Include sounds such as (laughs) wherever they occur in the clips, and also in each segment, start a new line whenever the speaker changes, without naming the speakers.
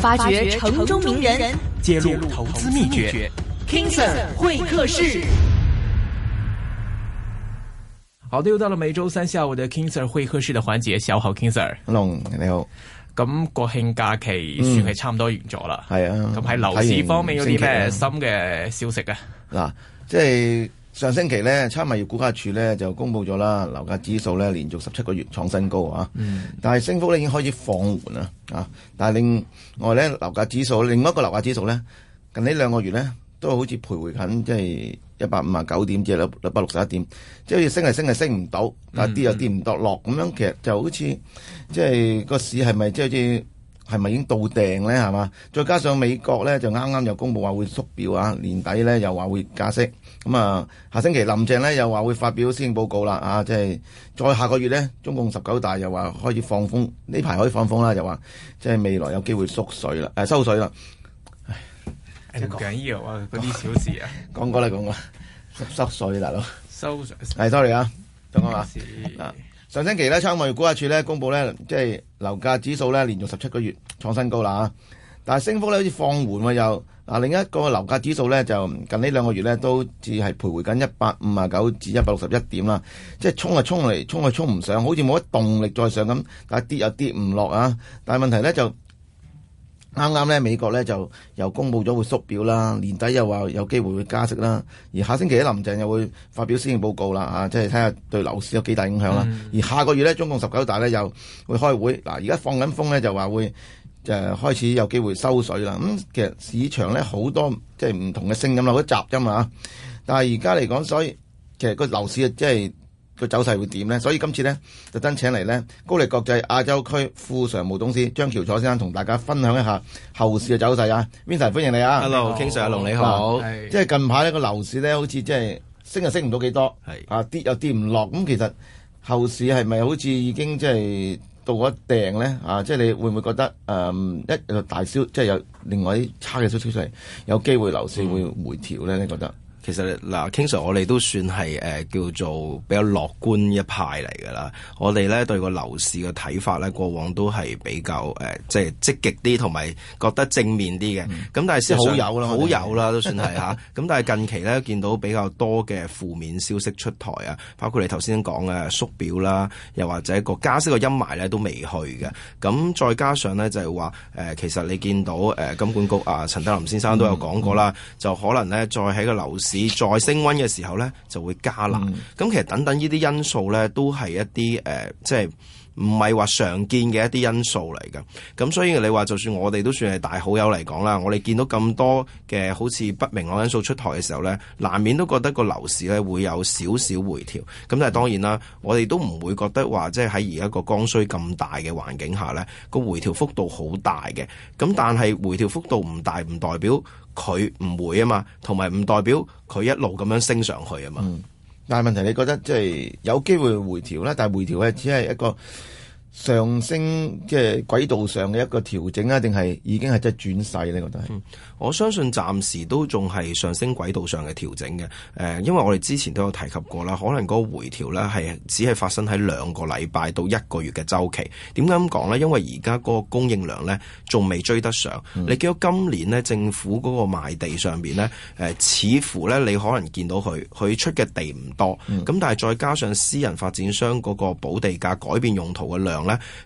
發掘城中名人，人，揭露投資秘訣。秘訣 King Sir 會客室，好的，又到了每周三下午的 King Sir 會客室的環節，小好 King Sir，Hello，你好。咁國慶假期算係差唔多完咗啦，係啊。咁喺樓市方面有啲咩新嘅消息啊？嗱，即係。上星期
咧，差物業估價署咧就公布咗啦，樓價指數咧連續十七個月創新高啊！嗯、但係升幅咧已經開始放緩啦啊！但係另外咧樓價指數，另外一個樓價指數咧，近呢兩個月咧都好似徘徊緊，即係一百五十九點至一百六十一點，即係好似升係升係升唔到，嗯、但係跌又跌唔到落咁樣，其實就好似即係個市係咪即係好似係咪已經到訂咧？係嘛？再加上美國咧就啱啱又公佈話會縮表啊，年底咧又話會加息。咁啊，下星期林鄭咧又話會發表施政報告啦。啊，即係再下個月咧，中共十九大又話開始放風，呢排可以放風啦。又話即係未來有機會縮水啦，誒收水啦。
唉，唔緊要啊，嗰啲、欸、小事啊。
講過啦，講過啦，收水，大佬。收水 sorry 啊？懂我話？上星期呢，香港物業估價處公佈呢，即係樓價指數呢連續十七個月創新高啦嚇。但係升幅呢好似放緩喎，又另一個樓價指數呢，就近呢兩個月呢都只係徘徊緊一百五啊九至一百六十一點啦。即係衝啊衝嚟，衝啊衝唔上，好似冇乜動力再上咁，但係跌又跌唔落啊。但係問題呢就。啱啱咧，美國咧就又公布咗會縮表啦，年底又話有機會會加息啦，而下星期咧林鄭又會發表施政報告啦，即係睇下對樓市有幾大影響啦、嗯。而下個月咧中共十九大咧又會開會，嗱而家放緊風咧就話會就開始有機會收水啦。咁、嗯、其實市場咧好多即係唔同嘅聲音啦，好多雜音啊，但係而家嚟講，所以其實個樓市啊即係。個走勢會點咧？所以今次咧，特登請嚟咧高力國際亞洲區副常務董事張翹楚先生，同大家分享一下後市嘅走勢啊 Vincent，歡迎你啊！Hello，King Sir，阿龍你好。是即係近排呢個樓市咧，好似即係升又升唔到幾多，啊跌又跌唔落。咁、嗯、其實後市係咪好似已經即係到咗頂咧？啊，即係你會唔會覺得誒、嗯、一大消，即、就、係、是、有另外啲差
嘅消息出嚟，有機會樓市會回調咧？你覺得？嗯其實嗱，King Sir 我哋都算係誒、呃、叫做比較樂觀一派嚟㗎啦。我哋咧對個樓市嘅睇法咧，過往都係比較誒、呃、即係積極啲，同埋覺得正面啲嘅。咁、嗯、但係先好有啦，好友啦都算係嚇。咁、 (laughs) 啊、但係近期咧見到比較多嘅負面消息出台啊，包括你頭先講嘅縮表啦，又或者個加息個陰霾咧都未去嘅。咁再加上咧就係、是、話、呃、其實你見到誒、呃、金管局啊，陳、呃、德霖先生都有講過啦、嗯，就可能咧再喺個樓市，再升溫嘅時候咧，就會加辣。咁其實等等呢啲因素咧，都係一啲誒，即係。唔係話常見嘅一啲因素嚟噶，咁所以你話就算我哋都算係大好友嚟講啦，我哋見到咁多嘅好似不明朗因素出台嘅時候呢，難免都覺得個樓市呢會有少少回調。咁但係當然啦，我哋都唔會覺得話即係喺而家個剛需咁大嘅環境下呢，個回調幅度好大嘅。咁但係回調幅度唔大，唔代表佢唔會啊嘛，同埋唔代表佢一路咁樣升上去啊嘛。嗯、
但係問題，你覺得即係有機會回調呢？但係回調呢，只係一個。上
升嘅軌道上嘅一個調整啊，定係已經係即係轉勢咧？我覺得，我相信暫時都仲係上升軌道上嘅調整嘅。誒、呃，因為我哋之前都有提及過啦，可能嗰個回調咧係只係發生喺兩個禮拜到一個月嘅周期。點解咁講咧？因為而家嗰個供應量咧仲未追得上。嗯、你見到今年咧政府嗰個賣地上邊咧，誒、呃，似乎咧你可能見到佢，佢出嘅地唔多。咁、嗯、但係再加上私人發展商嗰個補地價改變用途嘅量。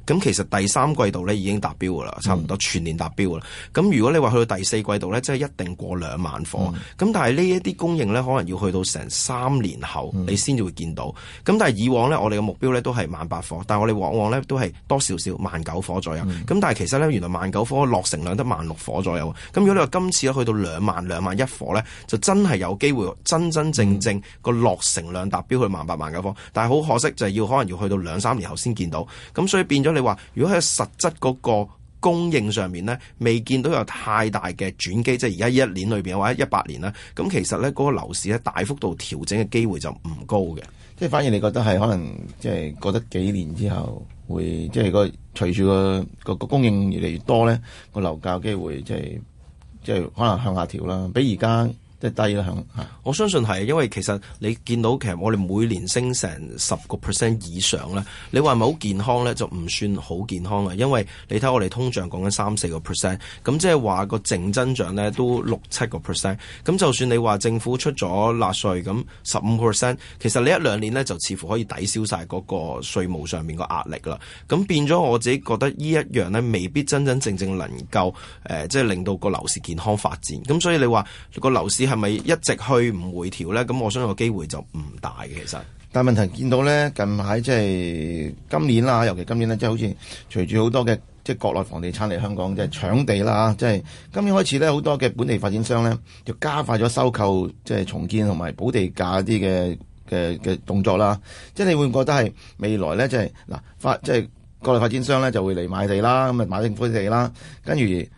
咁其實第三季度咧已經達標㗎喇，差唔多全年達標㗎喇。咁、嗯、如果你話去到第四季度咧，即係一定過兩萬伙。咁、嗯、但係呢一啲供應咧，可能要去到成三年後，你先至會見到。咁、嗯、但係以往咧，我哋嘅目標咧都係萬八伙，但係我哋往往咧都係多少少萬九伙左右。咁、嗯、但係其實咧，原來萬九伙落成量得萬六伙左右。咁如果你話今次去到兩萬兩萬一伙咧，就真係有機會真真正正個落成量達標去萬八萬九伙。但係好可惜就係要可能要去到兩三年後先見到。咁咁所以變咗你話，如果喺實質嗰個供應上面咧，未見到有太大嘅轉機，即係而家一年裏邊或者一百年咧，咁其實咧嗰、嗰個樓市咧大幅度調整嘅機會就唔高嘅。
即係反而你覺得係可能，即係過得幾年之後會，即、就、係、係個隨住、個、個供應越嚟越多咧，個樓價機會即係即
係可能向下調啦，比而家。低啦，我相信係，因為其實你見到其實我哋每年升成十個 percent 以上咧，你話係咪好健康咧？就唔算好健康啊。因為你睇我哋通脹講緊三四個 percent，咁即係話個淨增長咧都六七個 percent。咁就算你話政府出咗納稅咁十五 percent，其實呢一兩年咧就似乎可以抵消晒嗰個稅務上面個壓力啦。咁變咗我自己覺得呢一樣咧，未必真真正正能夠誒，即係令到個樓市健康發展。咁所以你話個樓市係。係咪一直去唔回調咧？咁我相信個機會就唔大嘅。其實，
但問題見到咧，近排即係今年啦，尤其今年咧，即係好似隨住好多嘅即係國內房地產嚟香港即係搶地啦。即係今年開始咧，好多嘅本地發展商咧就加快咗收購，即係重建同埋補地價啲嘅嘅嘅動作啦。即係你會唔覺得係未來咧？即係嗱，發即係國內發展商咧就會嚟買地啦，咁啊買政府地啦，跟住即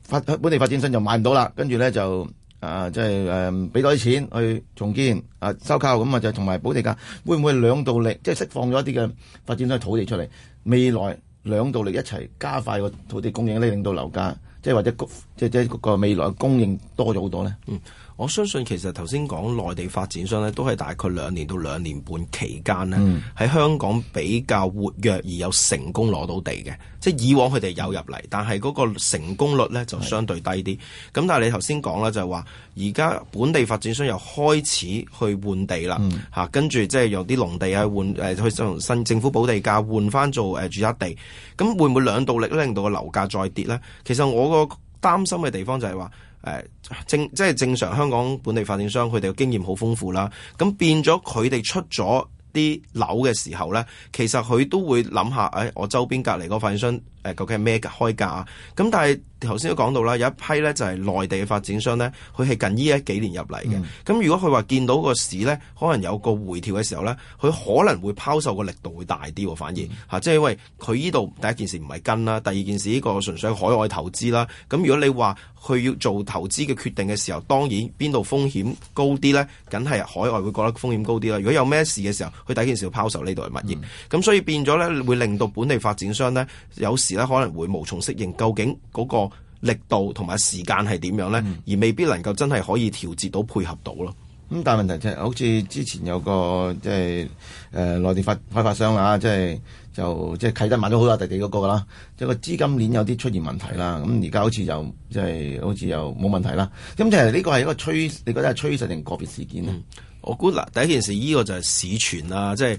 係本地發展商就買唔到啦，跟住咧就。啊，即係誒，俾、嗯、多啲錢去重建啊，收購咁啊，就同埋補地價，會唔會兩道力即係釋放咗一啲嘅發展商土地出嚟？未來兩道力一齊加快個土地供應呢，令到樓價即係、就是、或者即即、就是就是、個未來
供應多咗好多咧。嗯。我相信其實頭先講內地發展商咧，都係大概兩年到兩年半期間咧，喺香港比較活躍而有成功攞到地嘅。即係以往佢哋有入嚟，但係嗰個成功率咧就相對低啲。咁但係你頭先講啦，就係話，而家本地發展商又開始去換地啦，嗯、跟住即係用啲農地去換，去新政府補地價換翻做誒住宅地。咁會唔會兩道力令到個樓價再跌咧？其實我個擔心嘅地方就係話。誒正即係、就是、正常，香港本地發展商佢哋嘅經驗好豐富啦。咁變咗佢哋出咗啲樓嘅時候咧，其實佢都會諗下，誒我周邊隔離嗰發展商。究竟係咩嘅開價啊？咁但係頭先都講到啦，有一批呢就係內地嘅發展商呢，佢係近呢一幾年入嚟嘅。咁、嗯、如果佢話見到個市呢，可能有個回調嘅時候呢，佢可能會拋售個力度會大啲喎，反而即係、嗯、因為佢呢度第一件事唔係跟啦，第二件事呢個純粹海外投資啦。咁如果你話佢要做投資嘅決定嘅時候，當然邊度風險高啲呢？梗係海外會覺得風險高啲啦。如果有咩事嘅時候，佢第一件事要拋售呢度嘅物業。咁、嗯、所以變咗呢，會令到本地發展商呢，有時而家可能會無從適應，究竟嗰個力度同埋時間係點樣咧、嗯？而未必能夠真係可以調節到配合到咯。咁但問題即、就、係、是，好似之前有個
即係誒、呃、內地發開發，發商啊，即係就即係啟德買咗好多地地嗰個啦。即係個即資金鏈有啲出現問題啦。咁而家好似就即係、就是、好似又冇
問題啦。咁即係呢個係一個趨，你覺得係趨勢定個別事件咧？嗯我估嗱，第一件事依、這個就係市傳啦，即係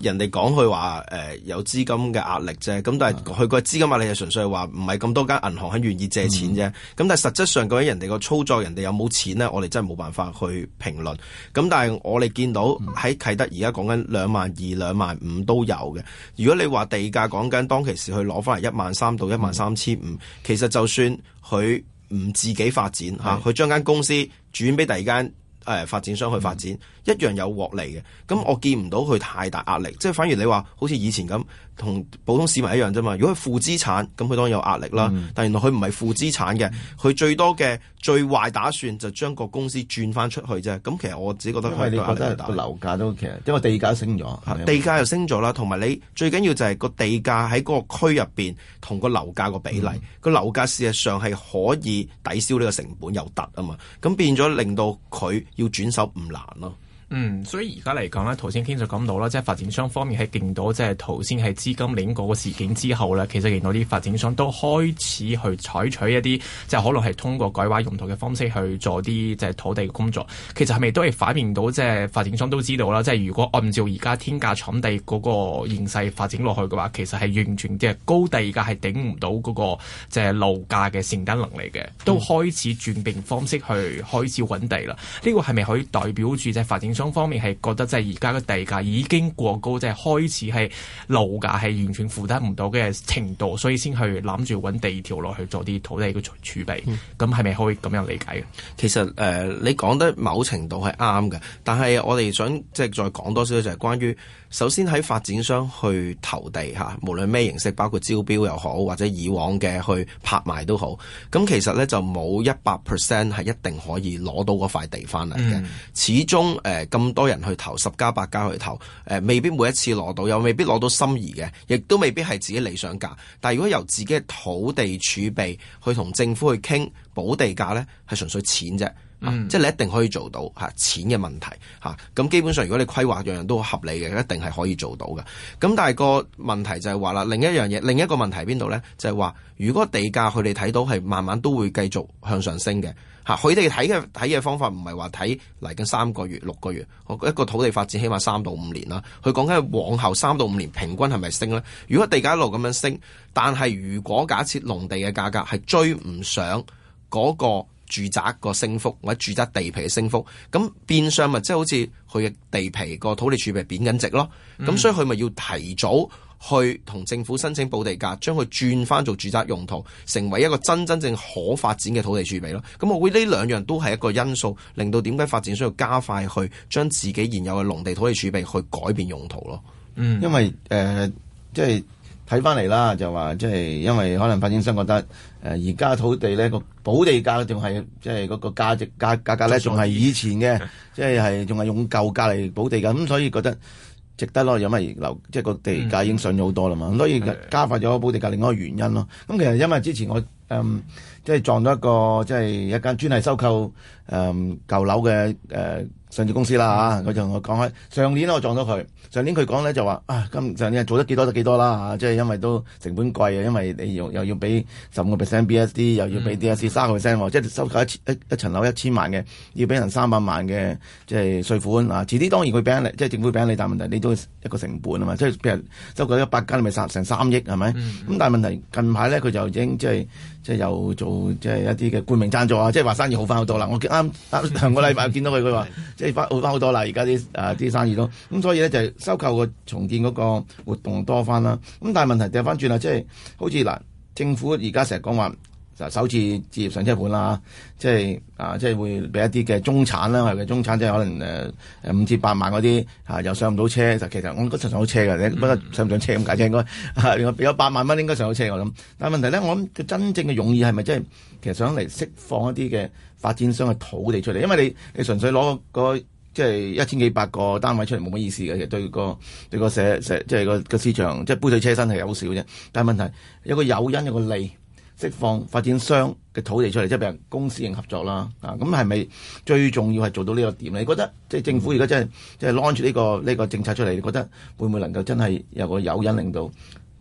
人哋講佢話誒有資金嘅壓力啫。咁但係佢個資金壓力係純粹係話唔係咁多間銀行肯願意借錢啫。咁、嗯、但係實質上究竟人哋個操作，人哋有冇錢呢？我哋真係冇辦法去評論。咁但係我哋見到喺啟德而家講緊兩萬二、兩萬五都有嘅。如果你話地價講緊當其時，佢攞翻嚟一萬三到一萬三千五、嗯，其實就算佢唔自己發展吓，佢將間公司轉俾第二間。誒發展商去發展、嗯、一樣有獲利嘅，咁我見唔到佢太大壓力，即係反而你話好似以前咁，同普通市民一樣啫嘛。如果佢負資產，咁佢當然有壓力啦、嗯。但原來佢唔係負資產嘅，佢、嗯、最多嘅最壞打算就將個公司轉翻出去啫。咁其實我自己覺得，因為你覺得個樓價都其實因為地價升咗，地價又升咗啦，同埋你最緊要就係個地價喺嗰個區入面，同個樓價個比例，個、嗯、樓價事實上係可以抵消呢個成本有突啊嘛，咁變咗令到佢。要轉手唔難咯。
嗯，所以而家嚟講咧，頭先天就講到啦，即係發展商方面係見到，即係頭先係資金鏈嗰個事件之後咧，其實見到啲發展商都開始去採取一啲，即係可能係通過改劃用途嘅方式去做啲即係土地嘅工作。其實係咪都係反映到即係發展商都知道啦，即係如果按照而家天價搶地嗰個形勢發展落去嘅話，其實係完全即係高地價係頂唔到嗰個即係樓價嘅承擔能力嘅，都開始轉變方式去開始揾地啦。呢個係咪可以代表住即係發展？雙方面係覺得即係而家嘅地價已經過高，即、就、係、是、開始係樓價，係完全負擔唔到嘅程度，所以先去諗住揾地條落去做啲土地嘅儲備。咁係咪可以咁樣理解？其實誒、呃，你講得某程度係啱嘅，但係我哋想即係
再講多少少，就係關於首先喺發展商去投地吓，無論咩形式，包括招標又好，或者以往嘅去拍賣都好，咁其實呢，就冇一百 percent 係一定可以攞到嗰塊地翻嚟嘅，嗯、始終誒。呃咁多人去投，十家八家去投，誒，未必每一次攞到，又未必攞到心儀嘅，亦都未必係自己理想價。但係如果由自己嘅土地儲備去同政府去傾補地價咧，係純粹錢啫。啊、即係你一定可以做到，吓錢嘅問題，吓、啊、咁基本上如果你規劃樣樣都合理嘅，一定係可以做到嘅。咁但係個問題就係話啦，另一樣嘢，另一個問題喺邊度呢？就係、是、話如果地價佢哋睇到係慢慢都會繼續向上升嘅，吓佢哋睇嘅睇嘅方法唔係話睇嚟緊三個月、六個月，我一個土地發展起碼三到五年啦。佢講緊往後三到五年平均係咪升呢？如果地價一路咁樣升，但係如果假設農地嘅價格係追唔上嗰、嗰個。住宅個升幅或者住宅地皮嘅升幅，咁變相咪即係好似佢嘅地皮個土地儲備貶緊值咯，咁、嗯、所以佢咪要提早去同政府申請補地價，將佢轉翻做住宅用途，成為一個真真正可發展嘅土地儲備咯。咁我估呢兩樣都係一個因素，令到點解發展需要加快去將自己現有嘅農地土地儲備去改變用途咯。嗯，因為誒、呃、即係。睇翻嚟啦，
就話即係因為可能發展商覺得，誒而家土地呢個補地價仲係即係嗰個價值價價格咧仲係以前嘅，即係仲係用舊價嚟補地價，咁所以覺得值得咯。因為樓即係個地價已經上咗好多啦嘛，咁、嗯、所以加快咗補地價另外一個原因咯。咁其實因為之前我。嗯，即係撞到一個即係、就是、一間專係收購誒、嗯、舊樓嘅誒、呃、上市公司啦吓、嗯，我就同佢講開。上年我撞到佢，上年佢講咧就話啊，咁上年做得幾多得幾多少啦吓、即、啊、係、就是、因為都成本貴啊，因為你又又要俾十五個 percent B S D，又要俾 D S 三個 percent，即係收購一一一層樓一千萬嘅，要俾人三百萬嘅即係稅款啊。遲啲當然佢俾人即係政府俾人你，但問題你都一個成本啊嘛，即、就、係、是、譬如收購一百間，你咪賺成三億係咪？咁、嗯、但係問題近排咧佢就已經即係。就是即係又做即係一啲嘅冠名贊助啊！即係話生意好翻好多啦。我啱啱上個禮拜我見到佢，佢話 (laughs) 即係翻好翻好多啦。而家啲誒啲生意咯，咁所以咧就係、是、收購個重建嗰個活動多翻啦。咁、嗯、但係問題掉翻轉啦，即係好似嗱，政府而家成日講話，就首次置業上車盤啦，即係啊，即係會俾一啲嘅中產啦，係嘅中產，即係可能誒五至八萬嗰啲，啊、又上唔到車。其實我覺得上到車嘅，mm -hmm. 你覺得上唔上車咁解啫，應該俾咗八萬蚊應該上到車我諗。但係問題咧，我諗佢真正嘅用意係咪真係其實想嚟釋放一啲嘅發展商嘅土地出嚟？因為你你純粹攞，那個即係，就是，一千幾百個單位出嚟冇乜意思嘅，其實對，那個對個社即係，就是，個市場即係，就是，杯水車薪係好少嘅啫。但係問題有個因有誘因有個利。釋放發展商嘅土地出嚟，即係俾人公司型合作啦。啊，咁係咪最重要係做到呢個點咧？你覺得即係政府而家真係即係住呢個呢個政策出嚟，你覺得會唔會能夠真係有個誘因令到？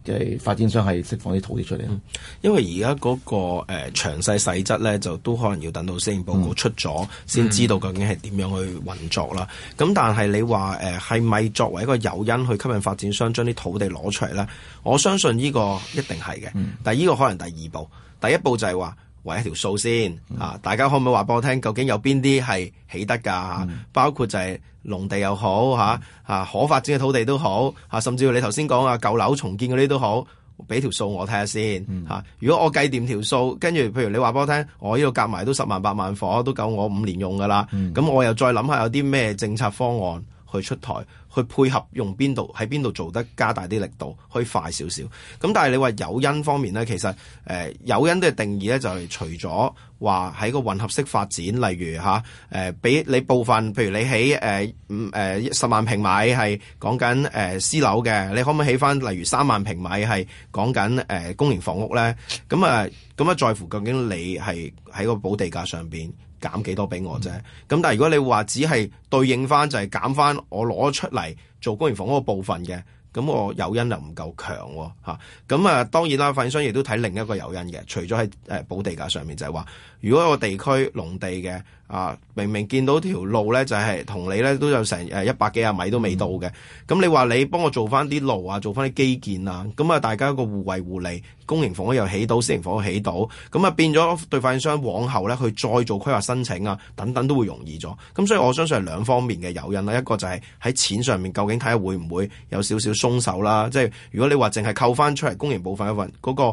即係、發展商係
釋放啲土地出嚟，嗯、因為而家嗰個誒、呃、詳細細則呢，就都可能要等到施政報告出咗，先、嗯、知道究竟係點樣去運作啦。咁但係你話誒係咪作為一個誘因去吸引發展商將啲土地攞出嚟呢？我相信呢個一定係嘅，但係呢個可能第二步，第一步就係話。為一條數先啊，大家可唔可以話俾我聽，究竟有邊啲係起得㗎？包括就係農地又好嚇，嚇可發展嘅土地都好嚇，甚至乎你頭先講啊舊樓重建嗰啲都好，俾條數我睇下先嚇。如果我計掂條數，跟住譬如你話俾我聽，我呢度夾埋都十萬八萬房都夠我五年用㗎啦，咁、嗯、我又再諗下有啲咩政策方案去出台。去配合用邊度喺邊度做得加大啲力度，可以快少少。咁但係你話誘因方面咧，其實誒呃誘因嘅定義咧就係除咗。話喺個混合式發展，例如吓，誒、呃，俾你部分，譬如你起誒，五誒十萬平米係講緊誒私樓嘅，你可唔可以起翻？例如三萬平米係講緊誒公營房屋咧？咁啊，咁、呃、啊在乎究竟你係喺個補地價上邊減幾多俾我啫？咁、嗯、但係如果你話只係對應翻，就係減翻我攞出嚟做公營房屋部分嘅。咁我誘因就唔夠強喎。啊，咁啊當然啦，發展商亦都睇另一個誘因嘅，除咗喺誒補地價上面就，就係話如果一個地區農地嘅。啊，明明見到條路咧，就係同你咧都有成誒一百幾廿米都未到嘅。咁你話你幫我做翻啲路啊，做翻啲基建啊，咁啊，大家個互惠互利，公營房屋又起到，私營房屋起到，咁啊變咗對發展商往後咧去再做規劃申請啊等等都會容易咗。咁所以我相信係兩方面嘅誘因啦，一個就係喺錢上面，究竟睇下會唔會有少少鬆手啦？即係如果你話淨係扣翻出嚟公營部分一份，嗰個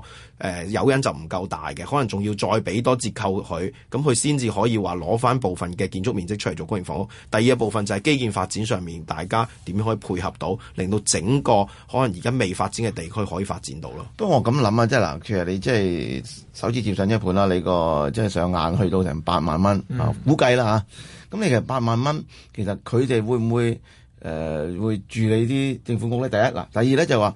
誒誘因就唔夠大嘅，可能仲要再俾多折扣佢，咁佢先至可以話攞。翻部分嘅建築面積出嚟做公營房屋，第二一部分就係基建發展上面，大家點樣可以配合到，令到整個可能而家未發展嘅地區可以發展到咯。 (music) 不過我咁諗啊，即係嗱，其實你即係首次接上一盤啦，你個即係上眼去到成八
萬蚊、嗯、估計啦嚇。咁你其實八萬蚊，其實佢哋會唔會誒、呃、會住你啲政府屋咧？第一嗱，第二咧就話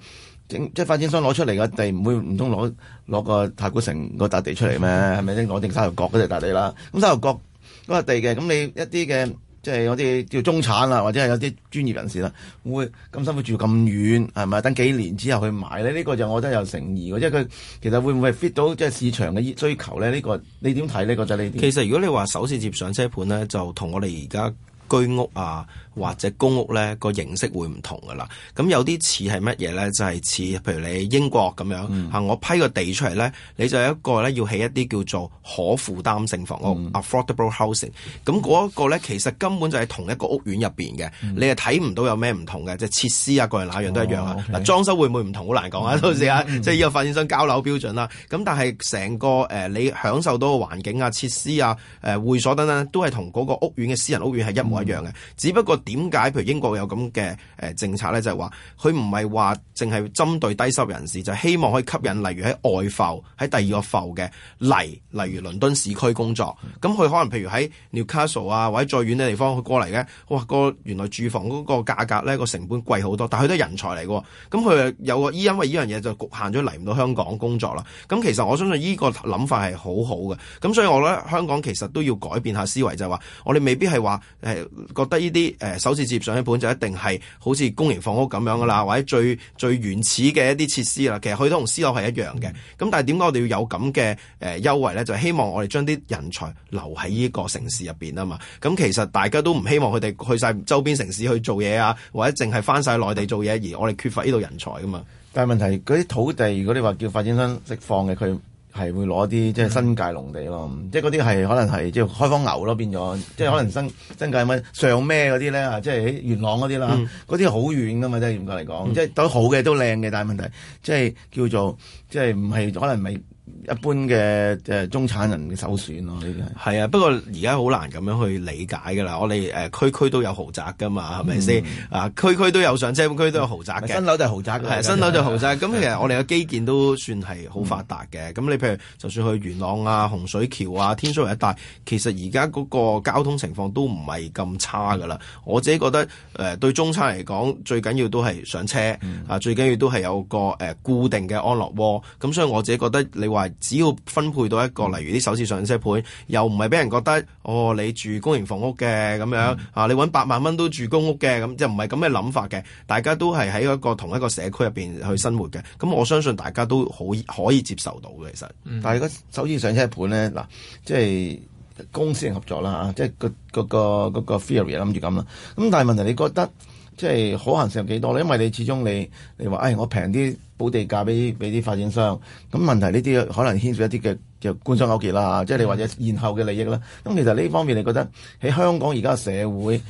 整即係發展商攞出嚟嘅地，唔會唔通攞攞個太古城嗰笪地出嚟咩？係咪先攞定沙頭角嗰笪地啦？咁沙頭角。嗰個地嘅，咁你一啲嘅，即係我哋叫中產啦，或者係有啲專業人士啦，會咁辛苦住咁遠，係咪？等幾年之後去買咧？呢個就我覺得有誠意
嘅，即係佢其實會唔會 fit 到即係市場嘅需求咧？呢個你點睇呢個就係呢？其實如果你話首次接上車盤咧，就同我哋而家居屋啊。或者公屋呢個形式會唔同噶啦，咁有啲似係乜嘢呢？就係似，譬如你英國咁樣、嗯，我批個地出嚟呢，你就一個呢要起一啲叫做可負擔性房屋、嗯、（affordable housing）。咁嗰一個呢，其實根本就係同一個屋苑入面嘅、嗯，你係睇唔到有咩唔同嘅，即係設施啊、各樣哪樣都一樣啊。嗱、哦，裝、okay、修會唔會唔同？好難講啊、嗯，到時啊，即係要發展商交樓標準啦。咁但係成個誒、呃、你享受到嘅環境啊、設施啊、誒、呃、會所等等，都係同嗰個屋苑嘅私人屋苑係一模一樣嘅、嗯，只不過點解譬如英國有咁嘅政策咧？就係話佢唔係話淨係針對低收入人士，就希望可以吸引例如喺外埠、喺第二個埠嘅嚟，例如倫敦市區工作。咁佢可能譬如喺 Newcastle 啊，或者再遠嘅地方佢過嚟嘅，哇！個原來住房嗰個價格咧，個成本貴好多，但係佢都係人才嚟喎。咁佢有個依，因為依樣嘢就侷限咗嚟唔到香港工作啦。咁其實我相信呢個諗法係好好嘅。咁所以我覺得香港其實都要改變下思維，就係話我哋未必係話覺得呢啲首次接上一本就一定係好似公營房屋咁樣噶啦，或者最最原始嘅一啲設施啦。其實佢都同私樓係一樣嘅。咁但係點解我哋要有咁嘅誒優惠咧？就係希望我哋將啲人才留喺呢個城市入面啊嘛。咁其實大家都唔希望佢哋去晒周邊城市去做嘢啊，或者淨係翻晒內地做嘢，而我哋缺乏呢度人才噶嘛。但係問題嗰啲土地，如果你話
叫發展商釋放嘅佢。係會攞啲即係新界農地咯，即係嗰啲係可能係即係開荒牛咯，變咗即係可能新新界乜上咩嗰啲咧，即係喺元朗嗰啲啦，嗰啲好遠噶嘛、嗯，即係嚴格嚟講，即係都好嘅都靚嘅，但問題即係叫做即係唔係可能唔係一般嘅誒、呃、中產人嘅首選咯，呢啲係啊，不過
而家好難咁樣去理解噶啦。我哋誒、呃、區區都有豪宅噶嘛，係咪先啊？區區都有上車，區區都有豪宅嘅、嗯。新樓就豪宅、啊、新樓就豪宅，係新樓就豪宅。咁其實我哋嘅基建都算係好發達嘅。咁、嗯、你譬如就算去元朗啊、洪水橋啊、天水圍一帶，其實而家嗰個交通情況都唔係咁差噶啦。我自己覺得誒、呃、對中產嚟講，最緊要都係上車、嗯、啊，最緊要都係有個、呃、固定嘅安樂窩。咁所以我自己覺得你話。只要分配到一個，例如啲首次上車盤，又唔係俾人覺得哦，你住公營房屋嘅，咁樣、嗯、啊，你搵八萬蚊都住公屋嘅，咁，即係唔係咁嘅諗法嘅。大家都係喺一個同一個社區入邊去生活嘅，咁我相信大家都好可以接受到嘅。其實，嗯、但係如果首次上車盤咧，嗱，即、就、係、是、
公私合作啦，吓、啊，即、就、係、是、個嗰個嗰個，個 theory 諗住咁啦。咁但係問題你覺得？即係可行性幾多咧？因為你始終你你話誒、哎、我平啲補地價俾俾啲發展商，咁問題呢啲可能牽涉一啲嘅嘅官商勾結啦，即係你或者現後嘅利益啦。咁其實呢方面你覺得喺香港而家社會嘅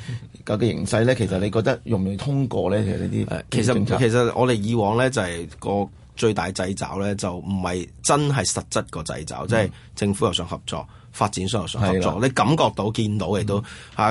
嘅形勢咧，其實你覺得容唔容
易通過咧？其實呢啲其實其實我哋以往咧就係、是、個最大掣肘咧，就唔係真係實質個掣肘，即、嗯、係政府又想合作。發展商合作，你感覺到、見到嘅、嗯、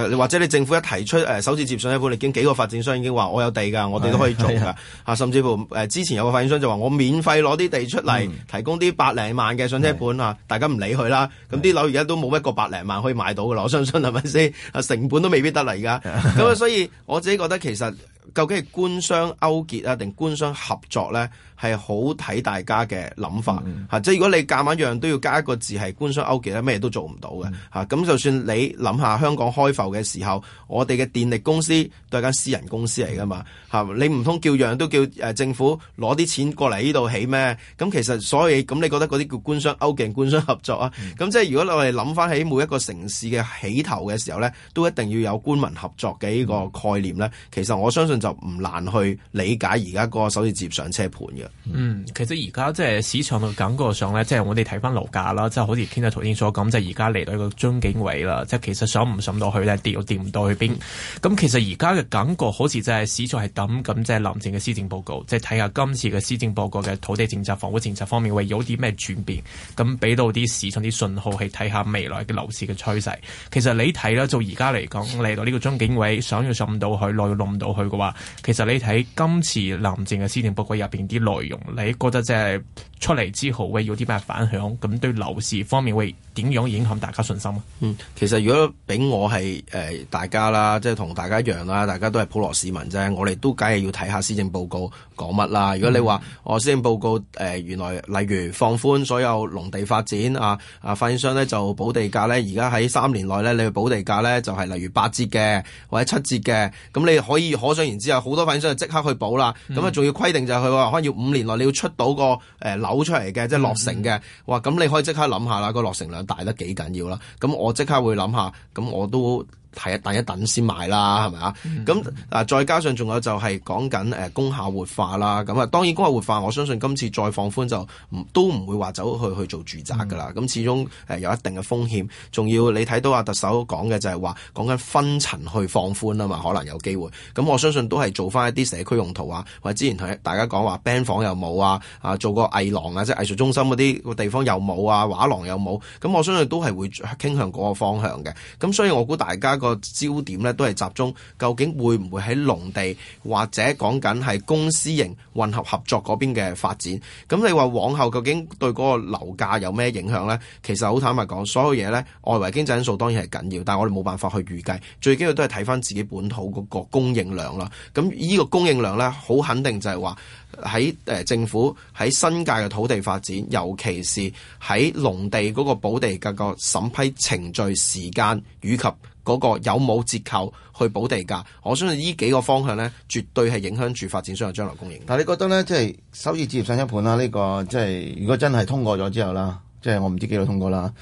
都或者你政府一提出首次接上車盤，你見幾個發展商已經話我有地㗎，我哋都可以做㗎，甚至乎、呃、之前有個發展商就話我免費攞啲地出嚟、嗯，提供啲百零萬嘅上車盤，大家唔理佢啦。咁啲樓而家都冇一個百零萬可以買到㗎啦，我相信係咪先？啊， (laughs) 成本都未必得嚟㗎。咁啊，所以 (laughs) 我自己覺得其實究竟係官商勾結啊，定官商合作咧？係好睇大家嘅諗法嚇，mm -hmm. 即如果你夾硬樣樣都要加一個字係官商勾結咧，咩都做唔到嘅咁、mm -hmm. 啊、就算你諗下香港開埠嘅時候，我哋嘅電力公司都係間私人公司嚟噶嘛你唔通叫樣都叫政府攞啲錢過嚟呢度起咩？咁其實所以咁，你覺得嗰啲叫官商勾結、官商合作啊？咁、mm -hmm. 即係如果你哋諗翻起每一個城市嘅起頭嘅時候呢，都一定要有官民合作嘅呢個概念呢。Mm -hmm. 其實我相信就唔難去理解而家個首置上車盤嘅。
嗯，其實而家即係市場嘅感覺上咧，即係我哋睇翻樓價啦，即係好似頭先所講，即係而家嚟到一個樽頸位啦。即係其實想唔想到去咧，跌又跌唔到去邊。咁其實而家嘅感覺好似就係市場係等，咁即係林鄭嘅施政報告，即係睇下今次嘅施政報告嘅土地政策、房屋政策方面會有啲咩轉變，咁俾到啲市場啲信號，係睇下未來嘅樓市嘅趨勢。其實你睇啦，就而家嚟講嚟到呢個樽頸位，想要上唔到去，落又落唔到去嘅話，其實你睇今次林鄭嘅施政報告入邊啲內容，你覺得即係出嚟之後會有啲咩反響？咁對樓市方面會點樣影響大家信心啊？嗯，其實如果俾我係誒、呃、大家啦，即係同大家一樣啦，大家都係普羅市民啫，
我哋都梗係要睇下施政報告講乜啦。如果你話我、嗯、施政報告誒、呃、原來例如放寬所有農地發展啊，啊發展商咧就補地價咧，而家喺三年內咧你去補地價咧就係、是、例如八折嘅或者七折嘅，咁你可以可想而知，好多發展商就即刻去補啦。咁啊仲要規定就係佢話可能要五年內你要出到個誒樓。呃倒出嚟嘅，即係落成嘅、嗯，哇！咁你可以即刻諗下啦，個落成量大得幾緊要啦。咁我即刻會諗下，咁我都。睇一等一等先買啦，係咪啊？咁、嗯、啊，再加上仲有就係講緊誒工廈活化啦。咁啊，當然工廈活化，我相信今次再放寬就唔都唔會話走去去做住宅噶啦。咁、嗯、始終誒、呃、有一定嘅風險，仲要你睇到阿特首講嘅就係話講緊分層去放寬啊嘛，可能有機會。咁我相信都係做翻一啲社區用途啊，或者之前同大家講話 band 房又冇啊，啊做個藝廊又冇啊，即係藝術中心嗰啲個地方又冇啊，畫廊又冇。咁我相信都係會傾向嗰個方向嘅。咁所以我估大家。那個焦點咧，都係集中，究竟會唔會喺農地或者講緊係公司型混合合作嗰邊嘅發展？咁你話往後究竟對嗰個樓價有咩影響呢？其實好坦白講，所有嘢呢，外圍經濟因素當然係緊要，但係我哋冇辦法去預計，最緊要都係睇翻自己本土嗰個供應量啦。咁呢個供應量呢，好肯定就係話喺誒政府喺新界嘅土地發展，尤其是喺農地嗰個補地嘅個審批程序時間以及。嗰、那個有冇折扣去補地價？我相信呢幾個方向呢，絕對係影響住發展商嘅將來供應。
但你覺得呢，即係首次置業上一盤啦，呢、這個即係如果真係通過咗之後啦，即係我唔知幾耐通過啦。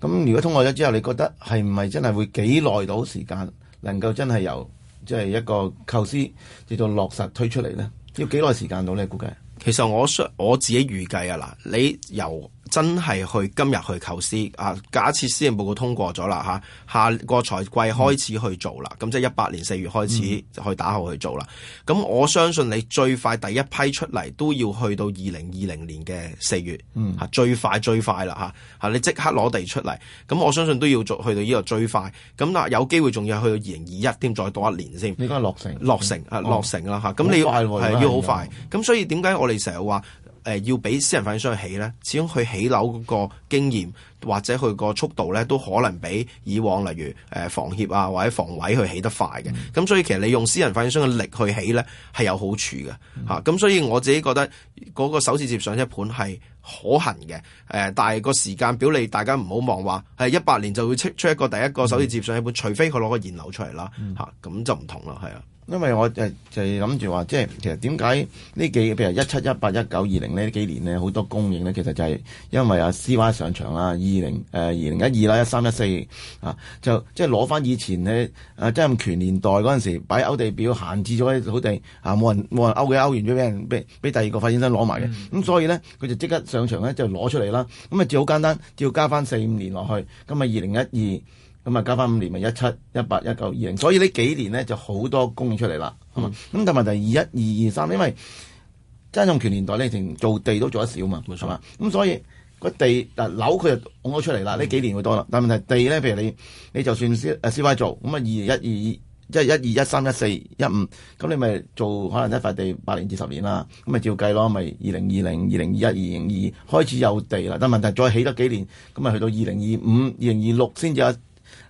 咁如果通過咗之後，你覺得係唔係真係會幾耐到時間能夠真係由即係一個構思
至到落實推出嚟呢？要幾耐時間到呢？估計？其實我我自己預計啊，嗱，你由真係去今日去構思啊，假設施政報告通過咗啦，下個財季開始去做啦，咁、嗯、即係一八年四月開始去打後去做啦。咁我相信你最快第一批出嚟都要去到二零二零年嘅四月，嚇、嗯、最快最快啦，你即刻攞地出嚟，咁我相信都要做去到呢個最快。咁嗱，有機會仲要去到二零二一添，再多一年先。你講落成？落成啊、哦，落成啦，咁你、哦啊、要要好快。咁所以點解我哋？你成日話誒，要俾私人發展商去起咧，始終佢起樓嗰個經驗或者佢個速度咧，都可能比以往例如誒、呃、房協啊或者房委去起得快嘅。咁、嗯、所以其實你用私人發展商嘅力去起咧，係有好處嘅吓。咁、嗯啊、所以我自己覺得嗰個首次接上一盤係可行嘅。誒、呃，但係個時間表你大家唔好望話係一八年就會出出一個第一個首次接上一盤、嗯，除非佢攞個現樓出嚟啦吓，咁就唔同啦，係啊。因為我誒就係
諗住話，即係其實點解呢幾，譬如一七一八一九二零呢啲幾年呢，好多供應呢，其實就係因為阿 CY 上場啦，二零誒二零一二啦，一三一四啊，就即係攞翻以前呢，誒即係曾蔭權年代嗰陣時擺勾地表限制咗土地啊，冇人冇人勾嘅勾完咗俾人俾俾第二個發展商攞埋嘅，咁、mm -hmm. 所以呢，佢就即刻上場呢，就攞出嚟啦，咁啊照好簡單，照要加翻四五年落去，咁啊二零一二。咁啊，加翻五年咪一七一八一九二零，所以呢幾年呢就好多供應出嚟啦。咁同埋就二一二二三，因為真用權年代呢，成做地都做得少嘛，冇錯嘛。咁所以個地嗱樓佢就拱咗出嚟啦。呢、嗯、幾年會多啦。但問題地呢，譬如你你就算 C 誒做咁啊，二一二一即係一二一三一四一五，咁你咪做可能一塊地八年至十年啦，咁咪照計咯，咪二零二零二零二一二零二二開始有地啦。但問題再起得幾年，咁啊去到二零二五二零二六先至有。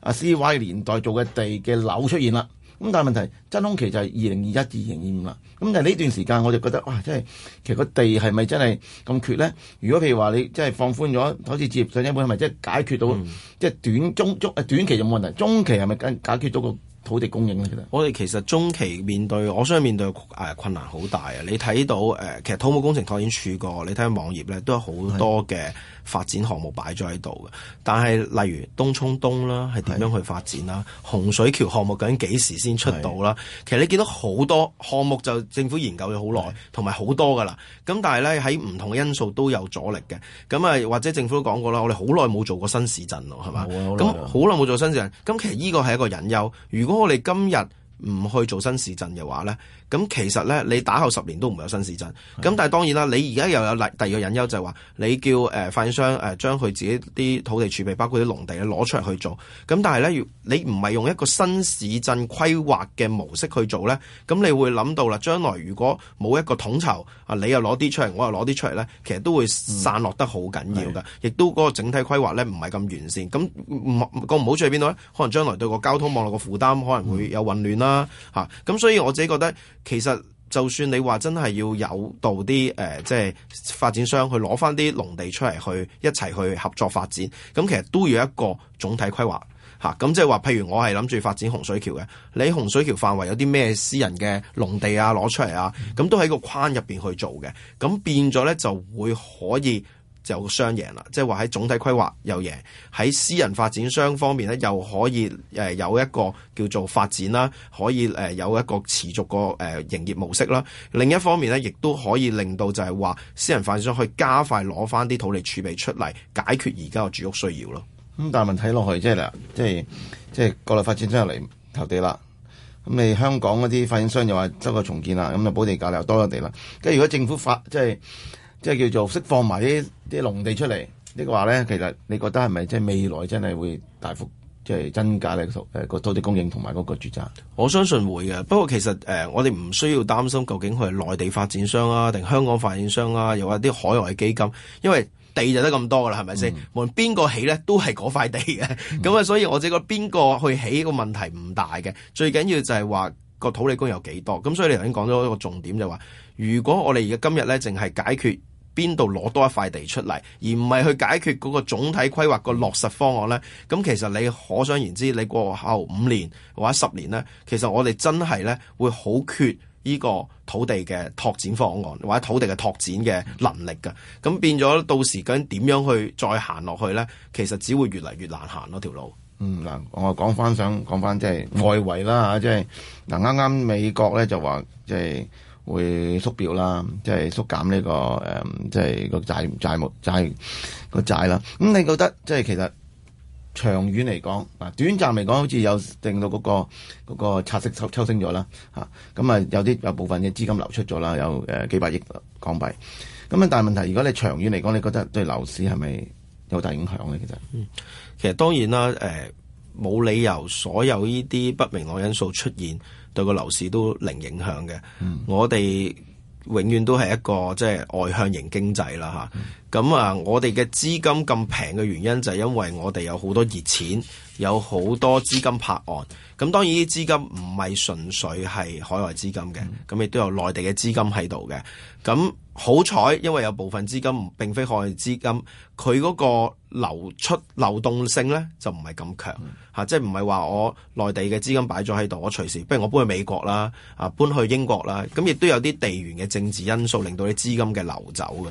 啊，CY 年代做嘅地嘅樓出現啦，咁但係問題真空期就係二零二一至二零二五啦，咁但係呢段時間我就覺得哇，真係其實個地係咪真係咁缺咧？如果譬如話你即係放寬咗，好似接上一本，係咪即係解決到即係、嗯就是、短中短期
就冇問題？中期係咪解解決到個？土地供應，其實我哋其實中期面對，我相信面對誒困難好大啊！你睇到誒，其實土木工程拓展處過，你睇下網頁咧，都有好多嘅發展項目擺咗喺度嘅。但係例如東涌東啦，係點樣去發展啦？洪水橋項目究竟幾時先出到啦？其實你見到好多項目就政府研究咗好耐，同埋好多噶啦。咁但係咧，喺唔同嘅因素都有阻力嘅。咁啊，或者政府都講過啦，我哋好耐冇做過新市鎮咯，係嘛？咁好耐冇做新市鎮，咁其實呢個係一個隱憂。如果我哋今日。唔去做新市鎮嘅話咧，咁其實咧，你打後十年都唔會有新市鎮，咁但係當然啦，你而家又有第第二個隱憂就係話你叫誒發展商誒、呃、將佢自己啲土地儲備包括啲農地攞出嚟去做。咁但係咧，你唔係用一個新市鎮規劃嘅模式去做咧，咁你會諗到啦。將來如果冇一個統籌啊，你又攞啲出嚟，我又攞啲出嚟咧，其實都會散落得好緊要㗎。亦都嗰、那個、整體規劃咧唔係咁完善。咁唔、那個、好處喺邊度咧？可能將來對個交通網絡嘅負擔可能會有混亂啦。啊，吓咁，所以我自己覺得，其實就算你話真係要有度啲，誒，即係發展商去攞翻啲農地出嚟去一齊去合作發展，咁其實都要有一個總體規劃，吓，咁即係話，譬如我係諗住發展洪水橋嘅，你洪水橋範圍有啲咩私人嘅農地啊，攞出嚟啊，咁都喺個框入邊去做嘅，咁變咗咧就會可以。就雙贏啦，即係話喺總體規劃又贏，喺私人發展商方面咧又可以誒有一個叫做發展啦，可以誒有一個持續個誒營業模式啦。另一方面咧，亦都可以令到就係話私人發展商去加快攞翻啲土地儲備出嚟，解決而家嘅住屋需要咯。咁但係問題睇落去即係嗱，
即係即係國內發展商又嚟投地啦，咁你香港嗰啲發展商又話執個重建啦，咁啊補地價又多咗地啦。跟住如果政府發即係。即係叫做釋放埋啲啲農地出嚟，呢個話咧，其實你覺得係咪即係未來真係會大幅即係
增加咧？誒個土地供應同埋嗰個住宅，我相信會嘅。不過其實誒、呃，我哋唔需要擔心究竟佢係內地發展商啊，定香港發展商啊，又或啲海外基金，因為地就得咁多噶啦，係咪先？嗯、無論邊個起咧，都係嗰塊地嘅。咁啊，所以我只覺講邊個去起個問題唔大嘅。最緊要就係話個土地供應有幾多。咁所以你頭先講咗一個重點就係話，如果我哋而家今日咧，淨係解決。邊度攞多一塊地出嚟，而唔係去解決嗰個總體規劃個落實方案呢？咁其實你可想而知，你過後五年或者十年呢，其實我哋真係呢會好缺呢個土地嘅拓展方案或者土地嘅拓展嘅能力㗎。咁變咗到時究竟點樣去再行落去呢？其實只會越嚟越難行咯、啊、條路。嗯
嗱，我講翻想講翻即係外圍啦，即係嗱，啱啱美國呢就話即係。會縮表啦，即係縮減呢、這個誒、嗯，即係個債債務債個債啦。咁你覺得即係其實長遠嚟講，啊短暫嚟講，好似有令到嗰、那個嗰、那個拆息抽抽升咗啦，吓咁啊有啲有部分嘅資金流出咗啦，有誒幾百億港幣。咁啊，但係問題，如果你長遠嚟講，你覺
得對樓市係咪有大影響咧？其實，嗯，其實當然啦，誒、呃。冇理由，所有呢啲不明朗因素出現，對個樓市都零影響嘅、嗯。我哋永遠都係一個即係、就是、外向型經濟啦，吓、嗯，咁啊，我哋嘅資金咁平嘅原因就係因為我哋有好多熱錢，有好多資金泊岸。咁當然啲資金唔係純粹係海外資金嘅，咁、嗯、亦都有內地嘅資金喺度嘅。咁好彩，因為有部分資金唔並非海外資金，佢嗰個流出流動性呢就唔係咁強嚇、嗯、啊，即係唔係話我內地嘅資金擺咗喺度，我隨時，不如我搬去美國啦，啊搬去英國啦，咁、啊、亦、啊、都有啲地緣嘅政治因素令到啲資金嘅流走嘅，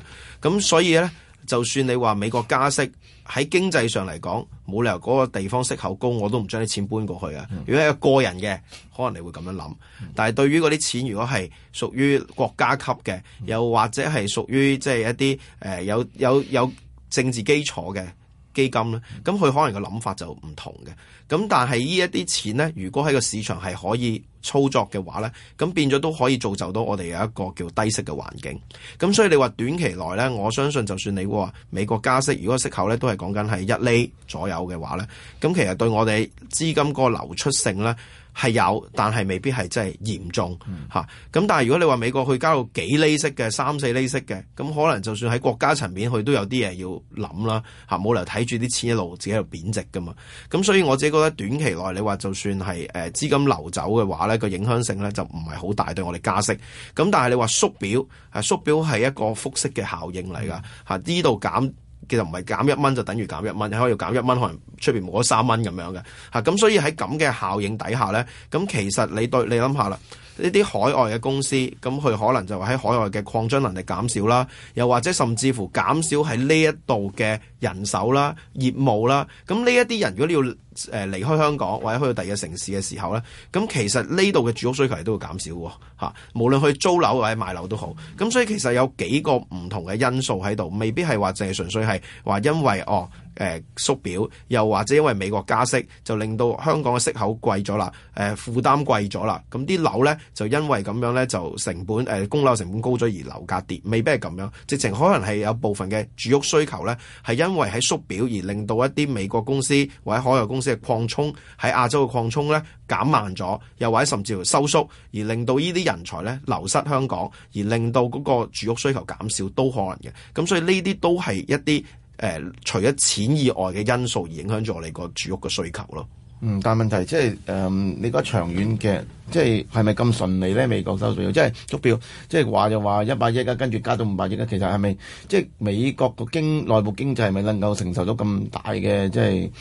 咁、啊、所以呢。就算你話美國加息，喺經濟上嚟講冇理由嗰個地方息口高，我都唔將啲錢搬過去啊。如果係個人嘅，可能你會咁樣諗。但係對於嗰啲錢，如果係屬於國家級嘅，又或者係屬於即係一啲誒、呃、有有有政治基礎嘅。基金咧，咁佢可能個諗法就唔同嘅。咁但係呢一啲錢呢，如果喺個市場係可以操作嘅話呢，咁變咗都可以造就到我哋有一個叫低息嘅環境。咁所以你話短期內呢，我相信就算你話美國加息，如果息口呢都係講緊係一厘左右嘅話呢，咁其實對我哋資金個流出性呢。係有，但係未必係真係嚴重嚇。咁、嗯啊、但係如果你話美國去交到幾厘息嘅三四厘息嘅，咁、嗯、可能就算喺國家層面佢都有啲嘢要諗啦嚇。冇、啊、理由睇住啲錢一路自己喺度貶值噶嘛。咁、啊、所以我自己覺得短期內你話就算係誒、呃、資金流走嘅話咧，個影響性咧就唔係好大，對我哋加息。咁、啊、但係你話縮表，啊縮表係一個複式嘅效應嚟噶嚇，呢、啊、度減。其實唔係減一蚊就等於減一蚊，你可以減一蚊，可能出邊冇咗三蚊咁樣嘅吓。咁所以喺咁嘅效應底下咧，咁其實你對你諗下啦。呢啲海外嘅公司，咁佢可能就話喺海外嘅擴張能力減少啦，又或者甚至乎減少喺呢一度嘅人手啦、業務啦，咁呢一啲人如果你要誒離開香港或者去到第二個城市嘅時候咧，咁其實呢度嘅住屋需求亦都會減少喎，嚇，無論去租樓或者買樓都好，咁所以其實有幾個唔同嘅因素喺度，未必係話淨係純粹係話因為哦。誒、呃、縮表，又或者因為美國加息，就令到香港嘅息口貴咗啦，誒、呃、負擔貴咗啦，咁啲樓呢，就因為咁樣呢，就成本、呃、公供樓成本高咗而樓價跌，未必係咁樣，直情可能係有部分嘅住屋需求呢，係因為喺縮表而令到一啲美國公司或者海外公司嘅擴充喺亞洲嘅擴充呢，減慢咗，又或者甚至乎收縮，而令到呢啲人才呢流失香港，而令到嗰個住屋需求減少都可能嘅，咁所以呢啲都係一啲。誒除咗錢以外嘅因素而影響咗我哋個住屋嘅需求咯。嗯，
但問題即係誒、嗯，你講長遠嘅，即係係咪咁順利咧？美國收稅、嗯，即係足票即係話就話一百億啊，跟住加到五百億啊。其實係咪即係美國個經內部經濟係咪能夠承受到咁大嘅即係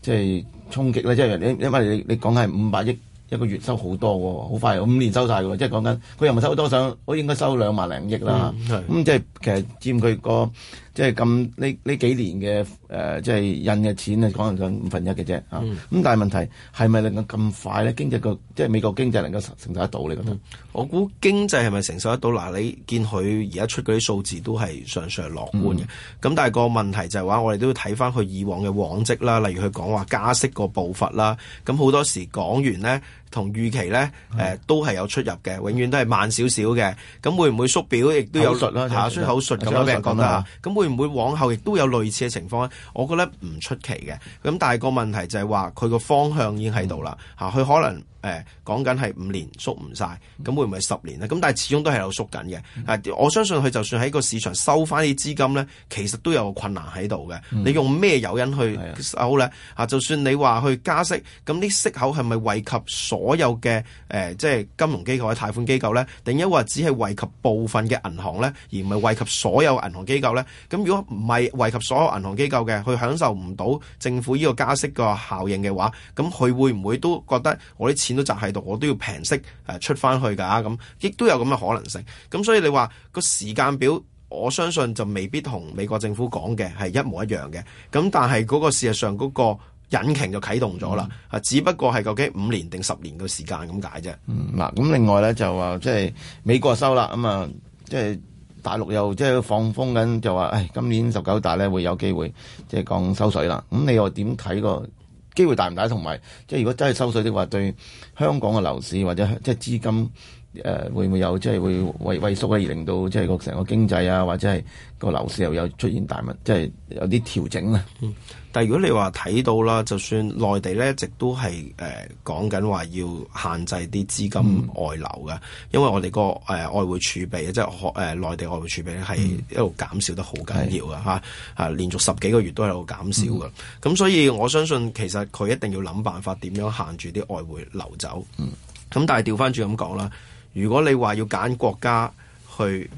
即係衝擊咧？即係因因為你講講係五百億一個月收好多喎，好快五年收晒喎。即係講緊佢又唔收多少，我應該收兩萬零億啦。咁、嗯嗯、即係其實佔佢個。即係咁呢呢幾年嘅誒、呃，即係印嘅錢啊，講係五分一嘅啫咁但係問題
係咪能夠咁快咧？經濟個即係美國經濟能夠承受得到？你覺得？嗯、我估經濟係咪承受得到？嗱，你見佢而家出嗰啲數字都係上上樂觀嘅。咁、嗯、但係個問題就係話，我哋都要睇翻佢以往嘅往績啦。例如佢講話加息個步伐啦，咁好多時講完咧。同預期咧、呃，都係有出入嘅，永遠都係慢少少嘅。咁會唔會縮表，亦都有術啦嚇，出口術咁、啊啊、樣講啦。咁會唔會往後亦都有類似嘅情況咧？我覺得唔出奇嘅。咁但係個問題就係話佢個方向已經喺度啦嚇，佢可能。誒講緊係五年縮唔晒，咁、嗯、會唔會十年咧？咁但係始終都係有縮緊嘅。啊、嗯，我相信佢就算喺個市場收翻啲資金呢，其實都有困難喺度嘅。你用咩誘因去收呢？啊、嗯，就算你話去加息，咁啲息口係咪惠及所有嘅、呃、即係金融機構、貸款機構呢？定抑或只係惠及部分嘅銀行呢？而唔係惠及所有銀行機構呢？咁如果唔係惠及所有銀行機構嘅，佢享受唔到政府呢個加息個效應嘅話，咁佢會唔會都覺得我啲錢都集喺度，我都要平息誒出翻去噶咁，亦都有咁嘅可能性。咁所以你話，個時間表，我相信就未必同美國政府講嘅係一模一樣嘅。咁但係嗰個事實上嗰個引擎就啟動咗啦，啊、嗯、只不過係究竟五年定十年嘅時間咁解啫。嗯，嗱咁另外呢，就話即係
美國收啦，咁啊即係大陸又即係放風緊就話，誒今年十九大咧會有機會即係講收水啦。咁你又點睇個？機會大唔大，同埋即係如果真係收稅的話，對香港嘅樓市或者即係資金。誒、呃、會唔會有即係會萎萎縮咧，而令到即係個成個經濟啊，或者係個樓市又有出現大問
題，即係有啲調整啦。嗯。但如果你話睇到啦，就算內地咧一直都係誒講緊話要限制啲資金外流嘅、嗯，因為我哋個誒外匯儲備即係誒內地外匯儲備咧係一路減少得好緊要㗎。嚇、嗯，係、啊、連續十幾個月都係度減少㗎。咁、嗯、所以我相信其實佢一定要諗辦法點樣限住啲外匯流走。
嗯。
咁但係調翻轉咁講啦。如果你話要揀國家去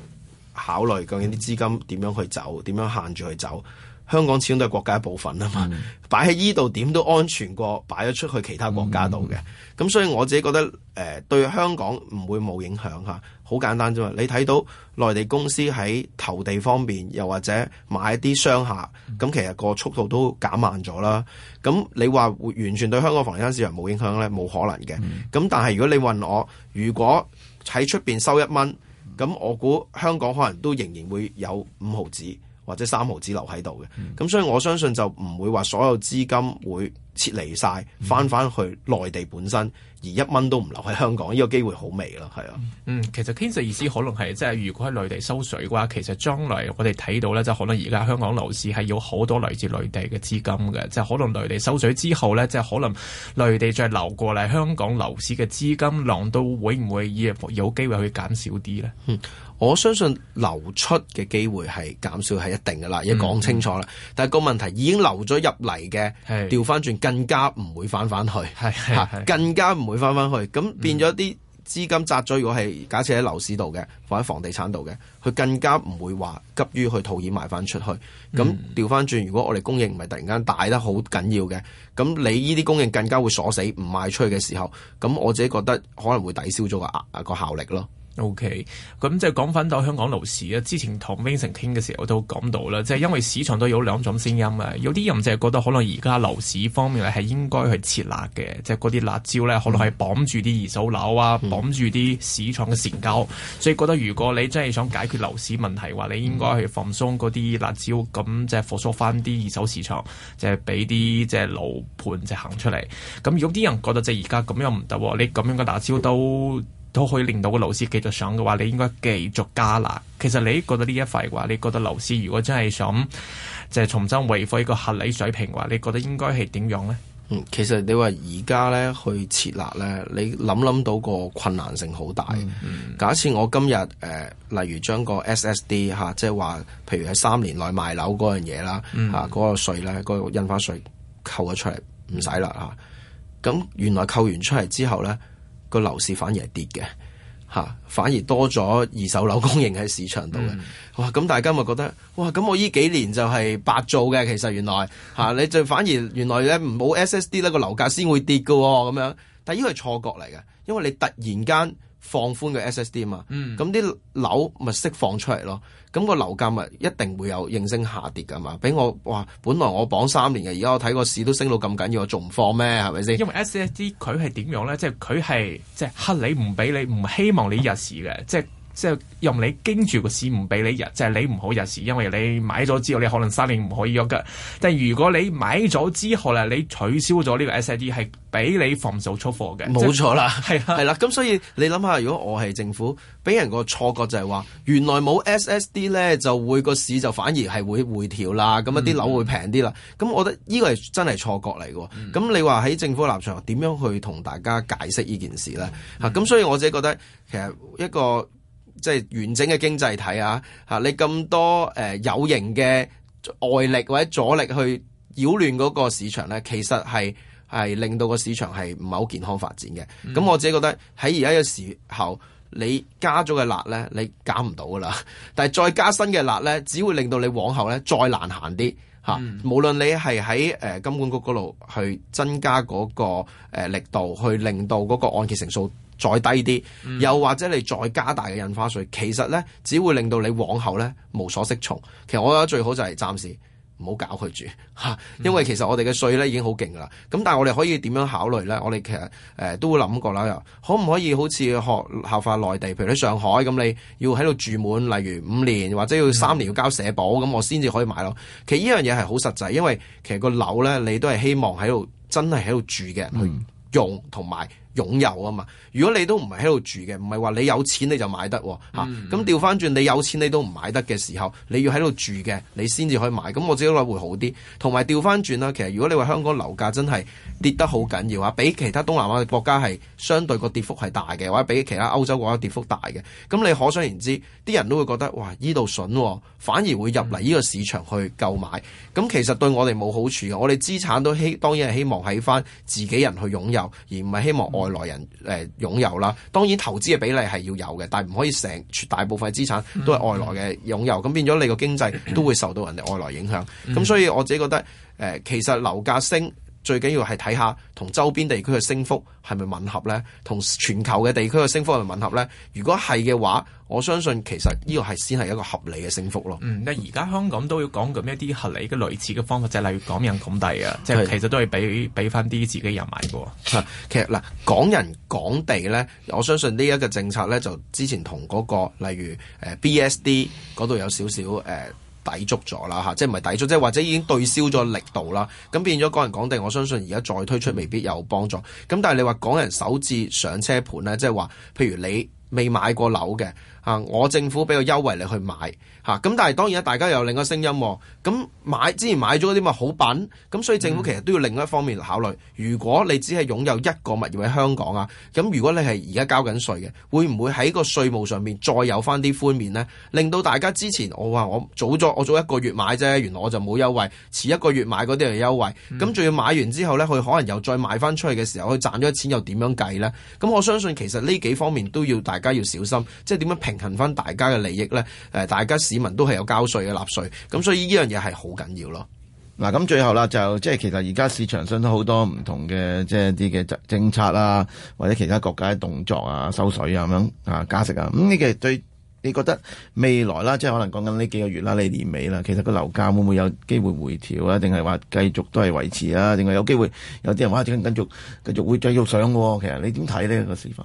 考慮究竟啲資金點樣去走，點樣限住去走，香港始終都係國家一部分啊嘛，mm -hmm. 擺喺依度點都安全過擺咗出去其他國家度嘅。咁、mm -hmm. 所以我自己覺得誒、呃、對香港唔會冇影響嚇，好簡單啫嘛。你睇到內地公司喺投地方面，又或者買啲商廈咁其實個速度都減慢咗啦。咁你話完全對香港房地產市場冇影響呢？冇可能嘅。咁、mm -hmm. 但係如果你問我，如果喺出邊收一蚊，咁我估香港可能都仍然會有五毫子或者三毫子留喺度嘅，咁所以我相信就唔會話所有資金會撤離晒，翻翻去內地本身。而一蚊都唔留喺香港，呢個機會好微咯，係啊。嗯，
其實經濟 King Sir 意思可能係即係如果喺內地收水嘅話，其實將來我哋睇到咧，就可能而家香港樓市係有好多來自內地嘅資金嘅，即係可能內地收水之後咧，即係可能內地再流過嚟香港樓市嘅資金量都會唔會亦有機會去減少啲咧？嗯我相信流出嘅機會係減少係一定噶啦，而家講清楚
啦、嗯。但係個問題已經流咗入嚟嘅，調翻轉更加唔會翻翻去，更加唔會翻翻去。咁變咗啲資金紮咗，如果係假設喺樓市度嘅，放喺房地產度嘅，佢更加唔會話急於去套現賣翻出去。咁調翻轉，如果我哋供應唔係突然間大得好緊要嘅，咁你呢啲供應更加會鎖死唔賣出去嘅時候，咁我自己覺得可能會抵消咗個,個效力咯。
OK，咁即係講翻到香港樓市啊！之前同 Vincent 傾嘅時候都講到啦，即係因為市場都有兩種聲音啊。有啲人就係覺得可能而家樓市方面咧係應該去撤辣嘅，即係嗰啲辣椒咧可能係綁住啲二手樓啊，綁、嗯、住啲市場嘅成交，所以覺得如果你真係想解決樓市問題，話你應該去放鬆嗰啲辣椒，咁即係復蘇翻啲二手市場，即係俾啲即係樓盤就行出嚟。咁有啲人覺得即係而家咁樣唔得，你咁樣嘅辣椒都。都可以令到個樓市繼續上嘅話，你應該繼續加啦。其實你覺得呢一塊嘅話，你覺得樓市如果真係想即係重新維護一個合理水平嘅話，你覺得應該係點樣咧？嗯，其實你話而家咧去
設立咧，你諗諗到個困難性好大。嗯嗯、假設我今日誒、呃，例如將個 SSD 嚇、啊，即係話，譬如喺三年內賣樓嗰樣嘢啦，嚇、嗯、嗰、啊個稅咧，嗰、個、印花稅扣咗出嚟唔使啦嚇。咁、啊、原來扣完出嚟之後咧。個樓市反而係跌嘅，吓反而多咗二手樓供應喺市場度嘅，嗯，哇！咁大家咪覺得，哇！咁我呢幾年就係白做嘅，其實原來吓，啊、你就反而原來咧唔冇 SSD 咧個樓價先會跌喎。咁樣，但係呢個係錯覺嚟嘅，因為你突然間。放寬個 SSD 啊嘛，咁、嗯、啲樓咪釋放出嚟咯，咁、個樓價咪一定會有應聲下跌噶
嘛。俾我話，本來我綁三年嘅，而家我睇個市都升到咁緊要，我仲唔放咩？係咪先？因為 SSD 佢係點樣咧？即係佢係即係黑你唔俾你，唔希望你入市嘅，即係即、係任你跟住個市唔俾你入，就係你唔好入市，因為你買咗之後你可能三年唔可以約噶。但係如果你買咗之後咧，你取消咗呢個 SSD 係俾你防守出貨嘅，冇錯啦，係係啦。咁所以你諗下，如果我係政府，俾
人個錯覺就係話，原來冇 SSD 咧就會個市就反而係會回調啦，咁一啲樓會平啲啦。咁、嗯、我覺得呢個係真係錯覺嚟嘅。咁、嗯、你話喺政府立場點樣去同大家解釋呢件事咧？吓、嗯啊，咁所以我自己覺得其實一個。即係完整嘅經濟體啊！嚇你咁多、呃、有形嘅外力或者阻力去擾亂嗰個市場咧，其實係係令到個市場係唔係好健康發展嘅。咁、嗯、我自己覺得喺而家嘅時候，你加咗嘅辣咧，你減唔到噶啦。但係再加新嘅辣咧，只會令到你往後咧再難行啲嚇。啊嗯、無論你係喺誒金管局嗰度去增加嗰個、呃、力度，去令到嗰個按揭成數。再低啲，又或者你再加大嘅印花稅，嗯，其實咧，只會令到你往後咧無所適從。其實我覺得最好就係暫時唔好搞佢住吓、啊，因為其實我哋嘅稅咧已經好勁噶啦。咁但係我哋可以點樣考慮咧？我哋其實誒、呃、都會諗過啦，又可唔可以好似學效法內地，譬如喺上海咁，你要喺度住滿例如五年或者要三年要交社保咁，嗯、我先至可以買咯。其實呢樣嘢係好實際，因為其實個樓咧，你都係希望喺度真係喺度住嘅人去用同埋。嗯擁有啊嘛，如果你都唔係喺度住嘅，唔係話你有錢你就買得，哦，吓咁，調翻轉，你有錢你都唔買得嘅時候，你要喺度住嘅，你先至可以買。咁我自己諗會好啲，同埋調翻轉啦。其實如果你話香港樓價真係跌得好緊要啊，比其他東南亞嘅國家係相對個跌幅係大嘅，或者比其他歐洲國家跌幅大嘅，咁你可想而知，啲人都會覺得哇，呢度筍，反而會入嚟，呢個市場去購買。咁其實對我哋冇好處嘅，我哋資產都希當然係希望喺翻自己人去擁有，而唔係希望外。外來人誒擁有啦，當然投資嘅比例係要有嘅，但係唔可以成絕大部分資產都係外來嘅擁有，咁、嗯、變咗你個經濟都會受到人哋外來影響。咁、嗯、所以我自己覺得誒、呃，其實樓價升。最緊要係睇下同周邊地區嘅升幅係咪吻合咧？同全球嘅地區嘅升幅係咪吻合咧？如果係嘅話，我相
信其實呢個
係先係一個合
理嘅升幅咯。嗯，但而家香港都要講咁一啲合理嘅類似嘅方法，即、就、係、是、例如港人港地啊，即係其實都係俾俾翻啲自己人買。喎。
吓，其實嗱，
港人港地咧，我相信呢一個政策咧，就之前同嗰、
那個例如誒、呃、B S D 嗰度有少少誒。呃抵觸咗啦嚇，即係唔係抵觸，即係或者已經對消咗力度啦，咁變咗港人港地，我相信而家再推出未必有幫助。咁但係你話港人首次上車盤呢，即係話，譬如你未買過樓嘅。啊！我政府俾個優惠你去買吓，咁但係當然啦，大家又有另一個聲音。咁買之前買咗嗰啲咪好品，咁所以政府其實都要另一方面考慮。如果你只係擁有一個物業喺香港啊，咁如果你係而家交緊稅嘅，會唔會喺個稅務上面再有翻啲寬免呢？令到大家之前我話我早咗，我早一個月買啫，原來我就冇優惠，遲一個月買嗰啲係優惠。咁、嗯、仲要買完之後呢，佢可能又再賣翻出去嘅時候，佢賺咗錢又點樣計呢？咁我相信其實呢幾方面都要大家要小心，即係點樣平衡翻大家嘅利益咧，誒，大家市民都係有交稅嘅納稅，咁所以呢樣嘢係好緊要咯。嗱，咁最後啦，就即係其實而家市場上都好多唔同嘅，即係啲
嘅政策啦，或者其他國家嘅動作啊，收水啊，咁樣啊，加息啊，咁呢個對。你覺得未來啦，即係可能講緊呢幾個月啦，你年尾啦，其實個樓價會唔會有機會回調啊？定係話繼續都係維持啊？定係有機會有啲人話，仲繼續繼續
會繼續上喎？其實你點睇
呢個市況？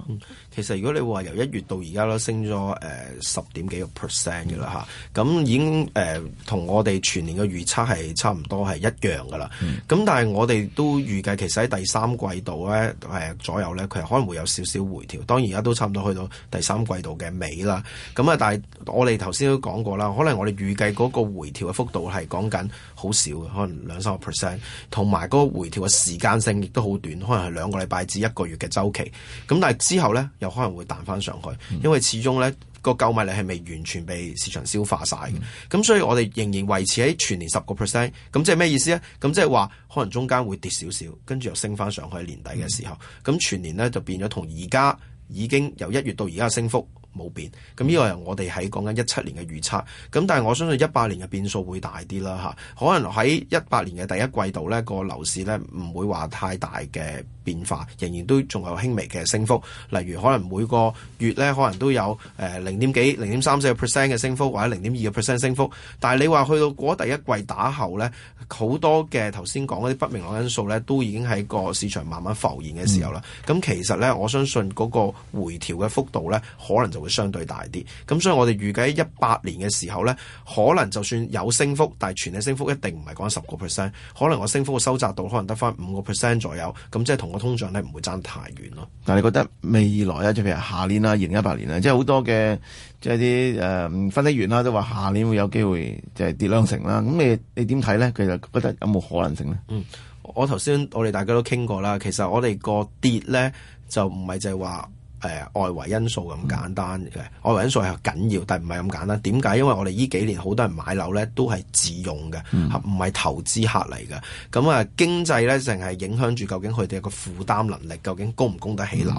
其實如果你話由一月到而家咯，升咗誒十點幾個 percent 嘅啦吓。咁已經誒同、呃、我哋全年嘅預測係差唔多係一樣㗎啦。咁、嗯、但係我哋都預計其實喺第三季度咧、呃、左右咧，佢可能會有少少回調。當然而家都差唔多去到第三季度嘅尾啦。咁咁啊，但係我哋頭先都講過啦，可能我哋預計嗰個回調嘅幅度係講緊好少嘅，可能兩三個 percent，同埋嗰個回調嘅時間性亦都好短，可能係兩個禮拜至一個月嘅周期。咁但係之後咧，又可能會彈翻上去，因為始終咧個購買力係未完全被市場消化晒嘅。咁、嗯、所以我哋仍然維持喺全年十個 percent。咁即係咩意思咧？咁即係話可能中間會跌少少，跟住又升翻上去年底嘅時候。咁、嗯、全年咧就變咗同而家已經由一月到而家升幅。冇變，咁呢個係我哋喺講緊一七年嘅預測，咁但係我相信一八年嘅變數會大啲啦吓，可能喺一八年嘅第一季度咧個樓市咧唔會話太大嘅。變化仍然都仲有輕微嘅升幅，例如可能每個月咧可能都有誒零點幾、零點三四個 percent 嘅升幅，或者零點二個 percent 升幅。但係你話去到嗰第一季打後咧，好多嘅頭先講嗰啲不明朗因素咧，都已經喺個市場慢慢浮現嘅時候啦。咁、嗯、其實咧，我相信嗰個回調嘅幅度咧，可能就會相對大啲。咁所以我哋預計一八年嘅時候咧，可能就算有升幅，但係全體升幅一定唔係講十個 percent，可能我升幅嘅收窄度可能得返五個 percent 左右。咁即係同。我通常咧唔會爭太遠咯。
但係你覺得未來啊，即譬如下年啦，二零一八年啦，即係好多嘅，即係啲誒分析員啦都話下年會有機會就係跌兩成啦。咁你你點睇咧？其實覺得有冇可能性咧？嗯，
我頭先我哋大家都傾過啦，其實我哋個跌咧就唔係就係話。誒、呃、外圍因素咁簡單嘅、嗯，外圍因素係緊要，但係唔係咁簡單。點解？因為我哋呢幾年好多人買樓咧，都係自用嘅，唔、嗯、係投資客嚟嘅。咁、嗯、啊，經濟咧淨係影響住究竟佢哋個負擔能力，究竟供唔供得起樓。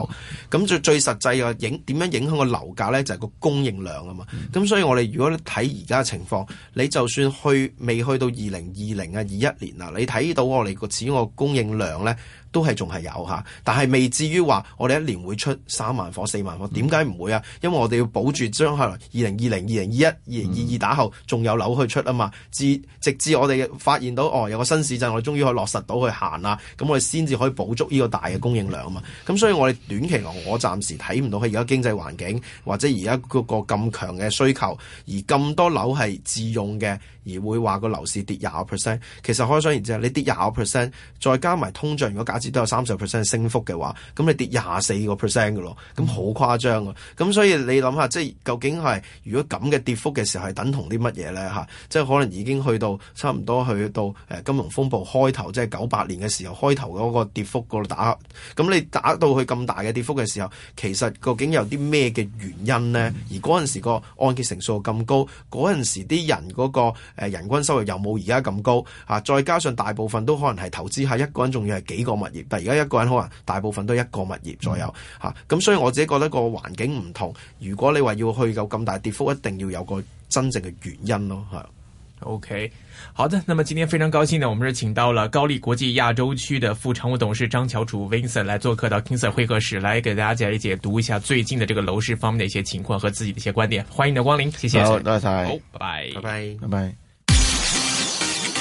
咁、嗯、最最實際嘅影點樣影響個樓價咧，就係、是、個供應量啊嘛。咁、嗯、所以我哋如果睇而家嘅情況，你就算去未去到二零二零啊二一年啦，你睇到我哋個始終個供應量咧。都係仲係有下，但係未至於話我哋一年會出三萬伙四萬伙，點解唔會啊？因為我哋要保住將來二零二零、二零二一、二零二二打後仲有樓去出啊嘛。至直至我哋發現到哦有個新市鎮，我哋終於可以落實到去行啦，咁我哋先至可以補足呢個大嘅供應量啊嘛。咁所以我哋短期嚟我暫時睇唔到佢而家經濟環境或者而家個個咁強嘅需求，而咁多樓係自用嘅。而會話個樓市跌廿個 percent，其實可想而知啊！你跌廿個 percent，再加埋通脹，如果假設都有三十 percent 升幅嘅話，咁你跌廿四個 percent 嘅咯，咁好誇張啊！咁所以你諗下，即係究竟係如果咁嘅跌幅嘅時候係等同啲乜嘢咧？嚇，即係可能已經去到差唔多去到誒金融風暴開頭，即係九八年嘅時候開頭嗰個跌幅嗰度打，咁你打到去咁大嘅跌幅嘅時候，其實究竟有啲咩嘅原因咧？而嗰陣時個按揭成數咁高，嗰陣時啲人嗰、那個。人均收入又冇而家咁高嚇，再加上大部分都可能係投資，係一個人仲要係幾個物業，但而家一個人可能大部分都係一個物業左右嚇。咁、嗯啊、所以我自己覺得個環境唔同。如果你話要去夠咁大跌幅，一定要有個真正嘅原因咯。
OK，好的。那麼今天非常高興呢，我們是請到了高力國際亞洲區的副常務董事張翹楚 Vincent 來做客到 KingSir 會客室，來給大家解一解讀一下最近的這個樓市方面的一些情況和自己的一些觀點。歡迎你的光臨，謝謝你，謝謝。好，多謝。好，拜拜，拜拜。